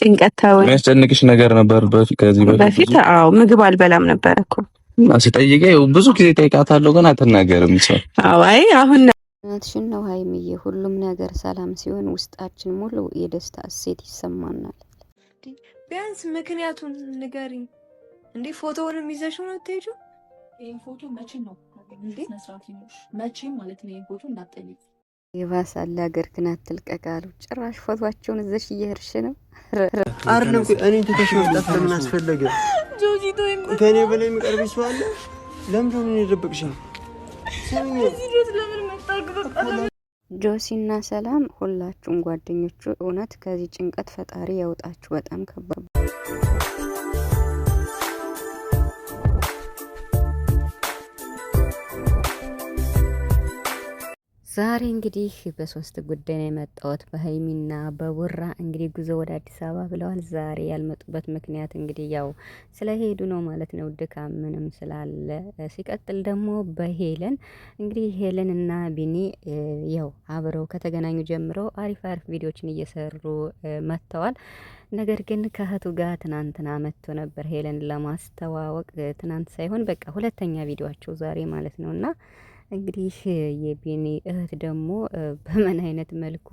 ጭንቀት ተወው። የሚያስጨንቅሽ ነገር ነበር ከዚህ በፊት? አዎ ምግብ አልበላም ነበር እኮ ስጠይቀው ብዙ ጊዜ ጠይቃታለሁ፣ ግን አትናገርም። ሰው አይ አሁን እውነትሽን ነው ሀይሚዬ። ሁሉም ነገር ሰላም ሲሆን ውስጣችን ሙሉ የደስታ እሴት ይሰማናል። ቢያንስ ምክንያቱን ንገሪኝ እንዴ! ፎቶውንም ይዘሽ ነው ትሄጁ? ይህን ፎቶ መቼ ነው እንዴ? መቼ ማለት ነው? ይህን ፎቶ እንዳትጠይቅ አለ ሀገር ግን አትልቀቅ አሉ። ጭራሽ ፎቷቸውን እዘሽ እየሄድሽ ነው። አርነኩ እኔ ትተሽ መጣት ለምን አስፈለገ? ከእኔ በላይ የሚቀርብሽ ሰው አለ? ለምንድን ነው እኔን ጆሲና ሰላም ሁላችሁም ጓደኞቹ እውነት ከዚህ ጭንቀት ፈጣሪ ያውጣችሁ። በጣም ከባድ ዛሬ እንግዲህ በሶስት ጉዳይ ነው የመጣሁት፣ በሀይሚና በቡራ እንግዲህ ጉዞ ወደ አዲስ አበባ ብለዋል። ዛሬ ያልመጡበት ምክንያት እንግዲህ ያው ስለሄዱ ነው ማለት ነው፣ ድካም ምንም ስላለ። ሲቀጥል ደግሞ በሄለን እንግዲህ ሄለን እና ቢኒ ያው አብረው ከተገናኙ ጀምሮ አሪፍ አሪፍ ቪዲዮችን እየሰሩ መጥተዋል። ነገር ግን ከእህቱ ጋር ትናንትና መጥቶ ነበር ሄለን ለማስተዋወቅ፣ ትናንት ሳይሆን በቃ ሁለተኛ ቪዲዮቸው ዛሬ ማለት ነው እና እንግዲህ የቢኒ እህት ደግሞ በምን አይነት መልኩ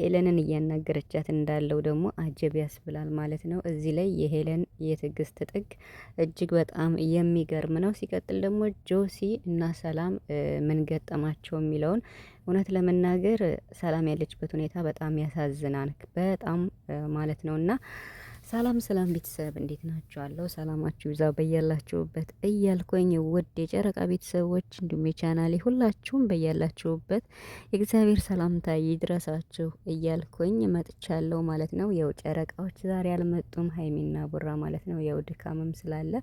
ሄለንን እያናገረቻት እንዳለው ደግሞ አጀብ ያስብላል ማለት ነው። እዚህ ላይ የሄለን የትዕግስት ጥግ እጅግ በጣም የሚገርም ነው። ሲቀጥል ደግሞ ጆሲ እና ሰላም ምን ገጠማቸው የሚለውን እውነት ለመናገር ሰላም ያለችበት ሁኔታ በጣም ያሳዝናል። በጣም ማለት ነው እና ሰላም ሰላም ቤተሰብ እንዴት ናችኋለሁ? ሰላማችሁ ይብዛ በያላችሁበት እያልኩኝ ውድ የጨረቃ ቤተሰቦች እንዲሁም የቻናሌ ሁላችሁም በያላችሁበት የእግዚአብሔር ሰላምታ ይድረሳችሁ እያልኩኝ መጥቻለሁ ማለት ነው። የው ጨረቃዎች ዛሬ አልመጡም ሀይሚና ቡራ ማለት ነው። የው ድካምም ስላለ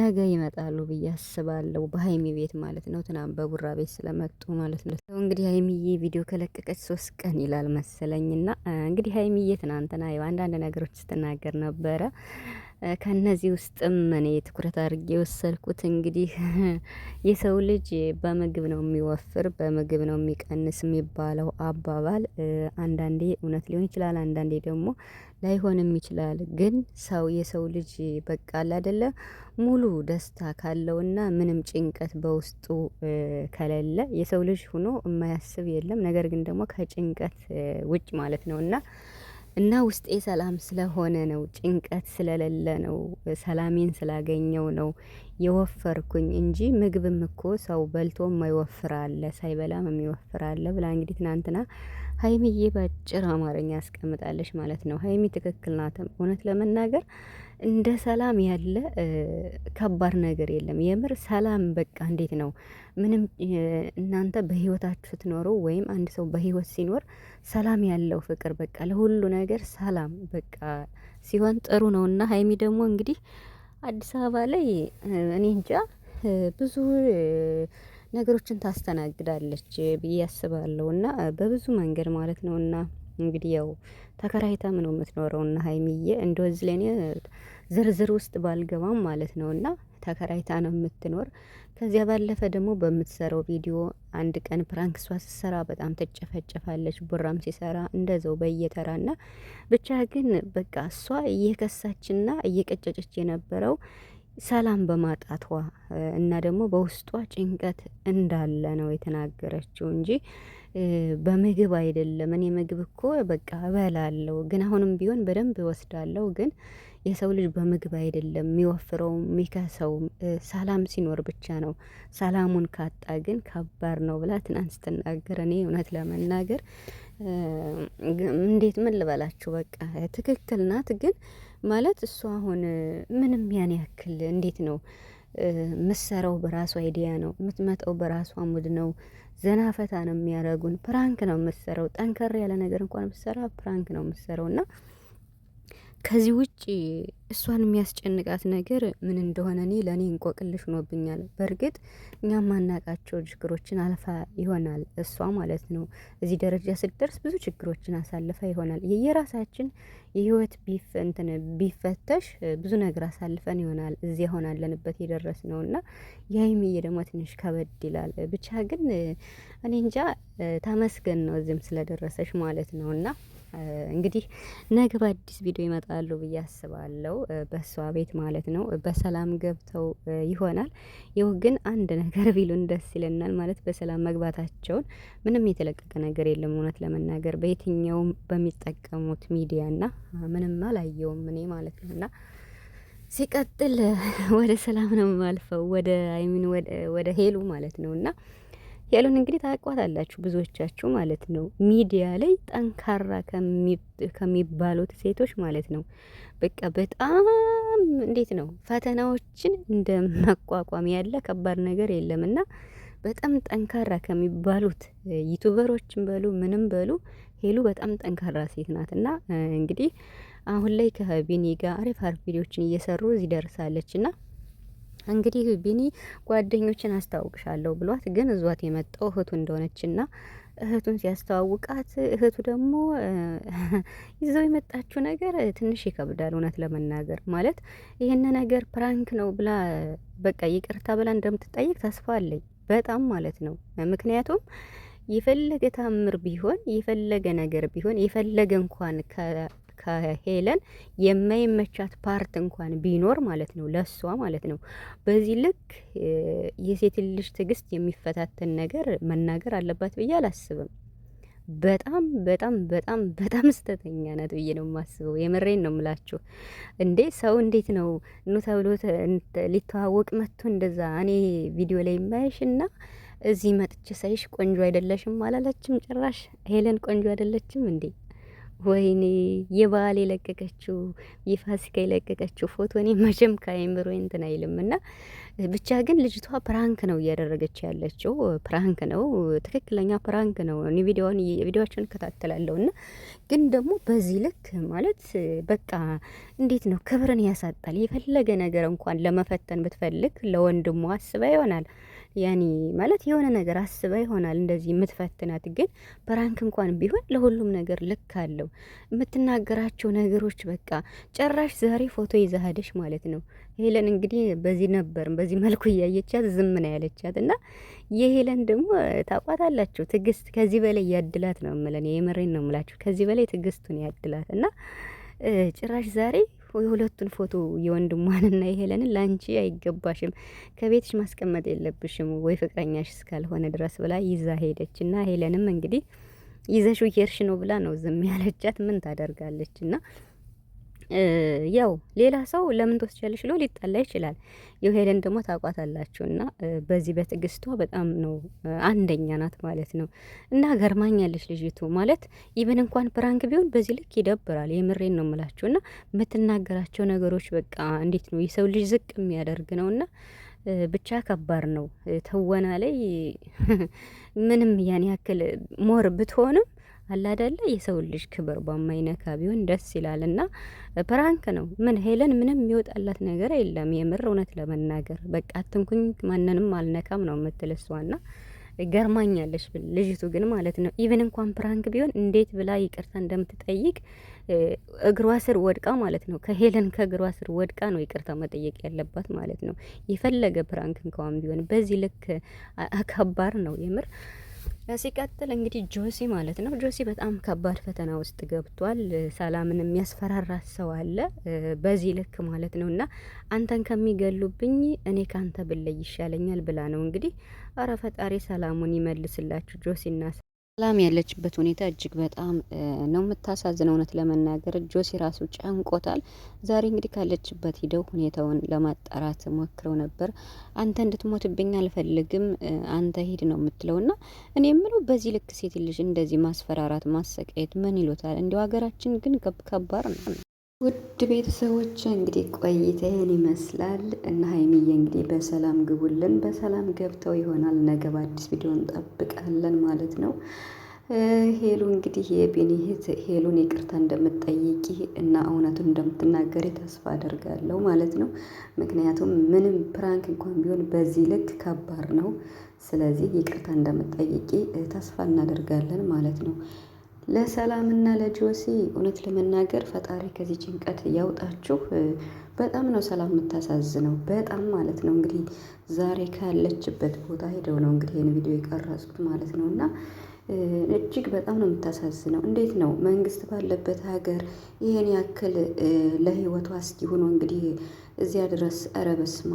ነገ ይመጣሉ ብዬ አስባለሁ፣ በሀይሚ ቤት ማለት ነው። ትናንት በቡራ ቤት ስለመጡ ማለት ነው። እንግዲህ ሀይሚዬ ቪዲዮ ከለቀቀች ሶስት ቀን ይላል መሰለኝና እንግዲህ ሀይሚዬ ትናንትና አንዳንድ ነገሮች ስትናገር ነገር ነበረ። ከነዚህ ውስጥም እኔ ትኩረት አድርጌ የወሰድኩት እንግዲህ የሰው ልጅ በምግብ ነው የሚወፍር፣ በምግብ ነው የሚቀንስ የሚባለው አባባል አንዳንዴ እውነት ሊሆን ይችላል፣ አንዳንዴ ደግሞ ላይሆንም ይችላል። ግን ሰው የሰው ልጅ በቃል አይደለ ሙሉ ደስታ ካለውና ምንም ጭንቀት በውስጡ ከሌለ የሰው ልጅ ሆኖ የማያስብ የለም። ነገር ግን ደግሞ ከጭንቀት ውጭ ማለት ነውና እና ውስጤ ሰላም ስለሆነ ነው፣ ጭንቀት ስለሌለ ነው፣ ሰላሜን ስላገኘው ነው የወፈርኩኝ እንጂ ምግብም እኮ ሰው በልቶ የማይወፍራለ ሳይበላም የሚወፍራለ ብላ እንግዲህ ትናንትና ሀይሚዬ በአጭር አማርኛ አስቀምጣለች ማለት ነው። ሀይሚ ትክክል ናትም እውነት ለመናገር እንደ ሰላም ያለ ከባድ ነገር የለም። የምር ሰላም በቃ እንዴት ነው? ምንም እናንተ በህይወታችሁ ስትኖሩ ወይም አንድ ሰው በህይወት ሲኖር ሰላም ያለው ፍቅር በቃ ለሁሉ ነገር ሰላም በቃ ሲሆን ጥሩ ነው እና ሀይሚ ደግሞ እንግዲህ አዲስ አበባ ላይ እኔ እንጃ ብዙ ነገሮችን ታስተናግዳለች ብዬ አስባለሁ እና በብዙ መንገድ ማለት ነው እና እንግዲህ ያው ተከራይታም ነው የምትኖረው። እና ሀይሚዬ እንደዚህ ለእኔ ዝርዝር ውስጥ ባልገባም ማለት ነው እና ተከራይታ ነው የምትኖር። ከዚያ ባለፈ ደግሞ በምትሰራው ቪዲዮ አንድ ቀን ፕራንክ እሷ ስትሰራ በጣም ትጨፈጨፋለች፣ ቡራም ሲሰራ እንደዛው በየተራ ና ብቻ ግን በቃ እሷ እየከሳችና እየቀጨጨች የነበረው ሰላም በማጣቷ እና ደግሞ በውስጧ ጭንቀት እንዳለ ነው የተናገረችው እንጂ በምግብ አይደለም። እኔ ምግብ እኮ በቃ እበላለሁ፣ ግን አሁንም ቢሆን በደንብ እወስዳለሁ። ግን የሰው ልጅ በምግብ አይደለም የሚወፍረውም የሚከሰው፣ ሰላም ሲኖር ብቻ ነው። ሰላሙን ካጣ ግን ከባድ ነው ብላ ትናንት ስትናገር እኔ እውነት ለመናገር እንዴት ምን ልበላችሁ፣ በቃ ትክክል ናት ግን ማለት እሱ አሁን ምንም ያን ያክል እንዴት ነው ምሰረው በራሷ አይዲያ ነው የምትመጣው፣ በራሷ ሙድ ነው። ዘና ፈታ ነው የሚያደርጉን። ፕራንክ ነው ምሰረው ጠንከር ያለ ነገር እንኳን ብትሰራ ፕራንክ ነው የምትሰራው እና ከዚህ ውጭ እሷን የሚያስጨንቃት ነገር ምን እንደሆነ እኔ ለእኔ እንቆቅልሽ ሆኖብኛል። በእርግጥ እኛ ማናቃቸው ችግሮችን አልፋ ይሆናል እሷ ማለት ነው። እዚህ ደረጃ ስትደርስ ብዙ ችግሮችን አሳልፋ ይሆናል። የየራሳችን የህይወት እንትን ቢፈተሽ ብዙ ነገር አሳልፈን ይሆናል እዚህ አሁን አለንበት የደረስ ነው እና የሀይሚዬ ደግሞ ትንሽ ከበድ ይላል። ብቻ ግን እኔ እንጃ፣ ተመስገን ነው እዚህም ስለደረሰሽ ማለት ነው እና እንግዲህ ነገ በአዲስ ቪዲዮ ይመጣሉ ብዬ አስባለሁ። በእሷ ቤት ማለት ነው። በሰላም ገብተው ይሆናል። ይሁ ግን አንድ ነገር ቢሉን ደስ ይለናል። ማለት በሰላም መግባታቸውን ምንም የተለቀቀ ነገር የለም። እውነት ለመናገር በየትኛውም በሚጠቀሙት ሚዲያና ምንም አላየውም እኔ ማለት ነውና ሲቀጥል ወደ ሰላም ነው የማልፈው፣ ወደ አይሚን ወደ ሄሉ ማለት ነውና ያሉን እንግዲህ ታቋታላችሁ ብዙዎቻችሁ ማለት ነው። ሚዲያ ላይ ጠንካራ ከሚባሉት ሴቶች ማለት ነው። በቃ በጣም እንዴት ነው ፈተናዎችን እንደ መቋቋም ያለ ከባድ ነገር የለም እና በጣም ጠንካራ ከሚባሉት ዩቱበሮችን በሉ ምንም በሉ ሄሉ በጣም ጠንካራ ሴት ናት እና እንግዲህ አሁን ላይ ከቢኒ ጋር አሪፍ አሪፍ ቪዲዮችን እየሰሩ እዚህ ደርሳለች እና እንግዲህ ቢኒ ጓደኞችን አስተዋውቅሻለሁ ብሏት፣ ግን እዟት የመጣው እህቱ እንደሆነችና እህቱን ሲያስተዋውቃት እህቱ ደግሞ ይዘው የመጣችው ነገር ትንሽ ይከብዳል። እውነት ለመናገር ማለት ይህን ነገር ፕራንክ ነው ብላ በቃ ይቅርታ ብላ እንደምትጠይቅ ተስፋ አለኝ በጣም ማለት ነው። ምክንያቱም የፈለገ ታምር ቢሆን የፈለገ ነገር ቢሆን የፈለገ እንኳን ከሄለን የማይመቻት ፓርት እንኳን ቢኖር ማለት ነው ለሷ ማለት ነው። በዚህ ልክ የሴት ልጅ ትዕግስት የሚፈታተን ነገር መናገር አለባት ብዬ አላስብም። በጣም በጣም በጣም በጣም ስተተኛ ናት ብዬ ነው የማስበው። የምሬን ነው የምላችሁ። እንዴ ሰው እንዴት ነው ኑ ተብሎ ሊተዋወቅ መጥቶ እንደዛ እኔ ቪዲዮ ላይ ማየሽ እና እዚህ መጥቼ ሳይሽ ቆንጆ አይደለሽም አላለችም ጭራሽ ሄለን ቆንጆ አይደለችም እንዴ ወይኔ የበዓል የለቀቀችው የፋሲካ የለቀቀችው ፎቶ እኔ መቼም ከአይምሮ እንትን አይልም። እና ብቻ ግን ልጅቷ ፕራንክ ነው እያደረገች ያለችው ፕራንክ ነው፣ ትክክለኛ ፕራንክ ነው። እኔ እከታተላለሁ እና ግን ደግሞ በዚህ ልክ ማለት በቃ እንዴት ነው ክብርን ያሳጣል። የፈለገ ነገር እንኳን ለመፈተን ብትፈልግ ለወንድሙ አስባ ይሆናል ያኔ ማለት የሆነ ነገር አስባ ይሆናል እንደዚህ የምትፈትናት። ግን በራንክ እንኳን ቢሆን ለሁሉም ነገር ልክ አለው። የምትናገራቸው ነገሮች በቃ ጨራሽ ዛሬ ፎቶ ይዛሃደሽ ማለት ነው። ሄለን እንግዲህ በዚህ ነበር በዚህ መልኩ እያየቻት ዝም ነው ያለቻት። እና የሄለን ደግሞ ታቋታላችሁ ትግስት ከዚህ በላይ ያድላት ነው ምለን የምሬን ነው ምላችሁ። ከዚህ በላይ ትግስቱን ያድላት እና ጭራሽ ዛሬ የሁለቱን ፎቶ የወንድሟንና የሄለንን ላንቺ አይገባሽም፣ ከቤትሽ ማስቀመጥ የለብሽም ወይ ፍቅረኛሽ እስካልሆነ ድረስ ብላ ይዛ ሄደች። ና ሄለንም እንግዲህ ይዘሽ ሄርሽ ነው ብላ ነው ዝም ያለቻት። ምን ታደርጋለች ና ያው ሌላ ሰው ለምን ትወስጃለሽ ብሎ ሊጣላ ይችላል። ይው ሄደን ደግሞ ታውቋታላችሁና በዚህ በትዕግስቷ በጣም ነው አንደኛ ናት ማለት ነው። እና ገርማኛለች ልጅቱ ማለት ይብን እንኳን ፕራንክ ቢሆን በዚህ ልክ ይደብራል። የምሬን ነው የምላችሁና የምትናገራቸው ነገሮች በቃ እንዴት ነው የሰው ልጅ ዝቅ የሚያደርግ ነውና ብቻ ከባድ ነው። ትወና ላይ ምንም ያን ያክል ሞር ብትሆንም አላዳለ የሰው ልጅ ክብር በማይነካ ቢሆን ደስ ይላል። እና ፕራንክ ነው። ምን ሄለን ምንም የሚወጣላት ነገር የለም። የምር እውነት ለመናገር በቃ አትንኩኝ፣ ማንንም አልነካም ነው የምትል እሷና ገርማኛለች ልጅቱ ግን ማለት ነው። ኢቨን እንኳን ፕራንክ ቢሆን እንዴት ብላ ይቅርታ እንደምትጠይቅ እግሯ ስር ወድቃ ማለት ነው። ከሄለን ከእግሯ ስር ወድቃ ነው ይቅርታ መጠየቅ ያለባት ማለት ነው። የፈለገ ፕራንክ እንኳን ቢሆን በዚህ ልክ ከባድ ነው የምር ሲቀጥል እንግዲህ ጆሲ ማለት ነው። ጆሲ በጣም ከባድ ፈተና ውስጥ ገብቷል። ሰላምን የሚያስፈራራ ሰው አለ በዚህ ልክ ማለት ነው። እና አንተን ከሚገሉብኝ እኔ ካንተ ብለይ ይሻለኛል ብላ ነው እንግዲህ። አረ ፈጣሪ ሰላሙን ይመልስላችሁ ጆሲ እና ሰላም ያለችበት ሁኔታ እጅግ በጣም ነው የምታሳዝን። እውነት ለመናገር ጆሲ ራሱ ጨንቆታል። ዛሬ እንግዲህ ካለችበት ሂደው ሁኔታውን ለማጣራት ሞክረው ነበር። አንተ እንድትሞትብኝ አልፈልግም፣ አንተ ሂድ ነው የምትለው። ና እኔ የምለው በዚህ ልክ ሴት ልጅ እንደዚህ ማስፈራራት ማሰቃየት ምን ይሎታል እንዲሁ ሀገራችን ግን ከባድ ነው። ውድ ቤተሰቦች እንግዲህ ቆይተን ይመስላል እና ሀይሚዬ እንግዲህ በሰላም ግቡልን። በሰላም ገብተው ይሆናል ነገ በአዲስ ቪዲዮ እንጠብቃለን ማለት ነው። ሄሉ እንግዲህ የቤኒህት ሄሉን ይቅርታ እንደምትጠይቂ እና እውነቱን እንደምትናገሪ ተስፋ አደርጋለሁ ማለት ነው። ምክንያቱም ምንም ፕራንክ እንኳን ቢሆን በዚህ ልክ ከባድ ነው። ስለዚህ ይቅርታ እንደምትጠይቂ ተስፋ እናደርጋለን ማለት ነው። ለሰላምና ለጆሲ እውነት ለመናገር ፈጣሪ ከዚህ ጭንቀት ያውጣችሁ። በጣም ነው ሰላም የምታሳዝነው፣ በጣም ማለት ነው። እንግዲህ ዛሬ ካለችበት ቦታ ሄደው ነው እንግዲህ ይህን ቪዲዮ የቀረጹት ማለት ነው እና እጅግ በጣም ነው የምታሳዝነው። እንዴት ነው መንግስት ባለበት ሀገር ይህን ያክል ለህይወቱ አስጊ ሆኖ እንግዲህ እዚያ ድረስ ረበስማ